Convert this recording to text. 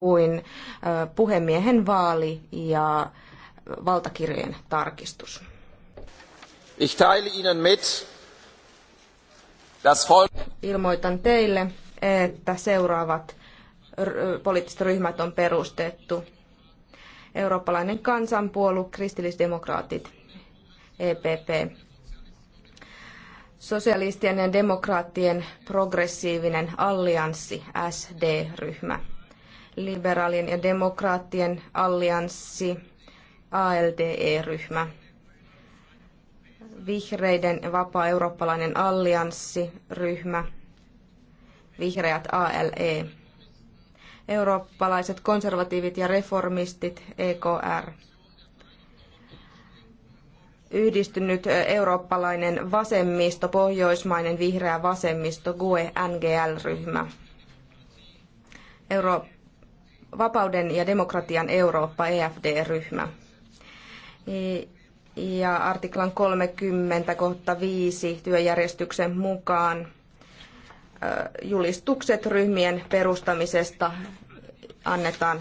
kuin puhemiehen vaali ja valtakirjojen tarkistus. Ich teile Ihnen mit, das Ilmoitan teille, että seuraavat poliittiset ryhmät on perustettu. Eurooppalainen kansanpuolue, kristillisdemokraatit, EPP, sosialistien ja demokraattien progressiivinen allianssi, SD-ryhmä liberaalien ja demokraattien allianssi, ALDE-ryhmä, vihreiden vapaa eurooppalainen allianssi, ryhmä, vihreät ALE, eurooppalaiset konservatiivit ja reformistit, EKR, yhdistynyt eurooppalainen vasemmisto, pohjoismainen vihreä vasemmisto, GUE-NGL-ryhmä, Euroopan vapauden ja demokratian Eurooppa, EFD-ryhmä. Ja artiklan 30 kohta 5 työjärjestyksen mukaan julistukset ryhmien perustamisesta annetaan